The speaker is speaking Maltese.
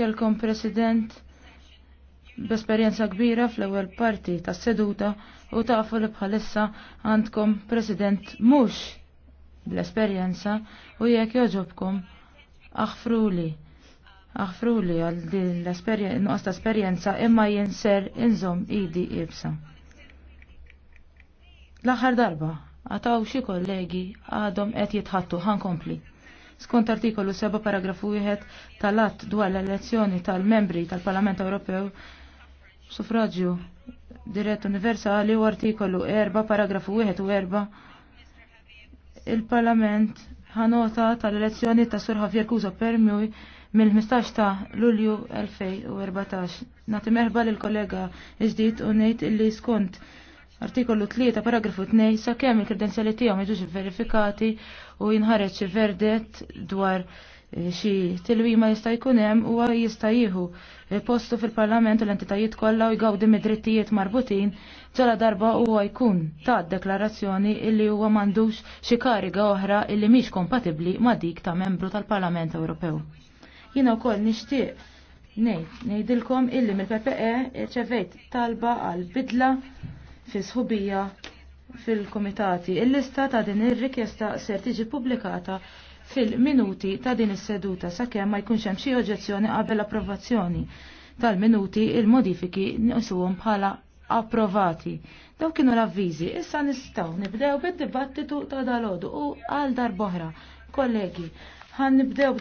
kelkom president b'esperjenza kbira fl-ewwel parti tas-seduta u tafu li bħalissa għandkom president mhux bl-esperjenza u jekk joġobkom aħfruli aħfruli għal din l-esperjenza ta' esperjenza imma jinser inżom idi ibsa. L-aħħar darba għataw xi kollegi għadhom qed jitħattu ħankompli skont artikolu 7 paragrafu 1 tal-att dwar l-elezzjoni tal-membri tal-Parlament Ewropew suffraġġju dirett universali u artikolu 4 paragrafu 1 u 4 il-Parlament ħanota tal-elezzjoni ta' Sur Javier Kuzo Permjuj mill-15 ta' Lulju 2014. Nati merħba lill kollega iġdid u ngħid illi skont Artikolu 3, paragrafu 2, sa' kemm il-kredenzjali tiegħu jiġux verifikati u jinħareġ verdet dwar eh, xi tilwima jista' jkun hemm huwa jista' jieħu eh, postu fil-Parlament u l-entitajiet kollha u jgawdi mid-drittijiet marbutin ġala darba huwa jkun ta' deklarazzjoni illi huwa m'għandux xi kariga oħra illi mhix kompatibbli ma' dik ta' membru tal-Parlament Ewropew. Jiena wkoll nixtieq ngħid ngħidilkom illi mill-PPE ċevejt talba għal bidla fi sħubija fil-komitati. Il-lista ta' din ir-rikjesta ser tiġi pubblikata fil-minuti ta' din is-seduta sakemm ma jkunx hemm xi oġġezzjoni qabel approvazzjoni tal-minuti il-modifiki nisuhom bħala approvati. Daw kienu l-avviżi, issa nistgħu nibdew bid-dibattitu ta' dalodu u għal darboħra. Kollegi, ħan nibdew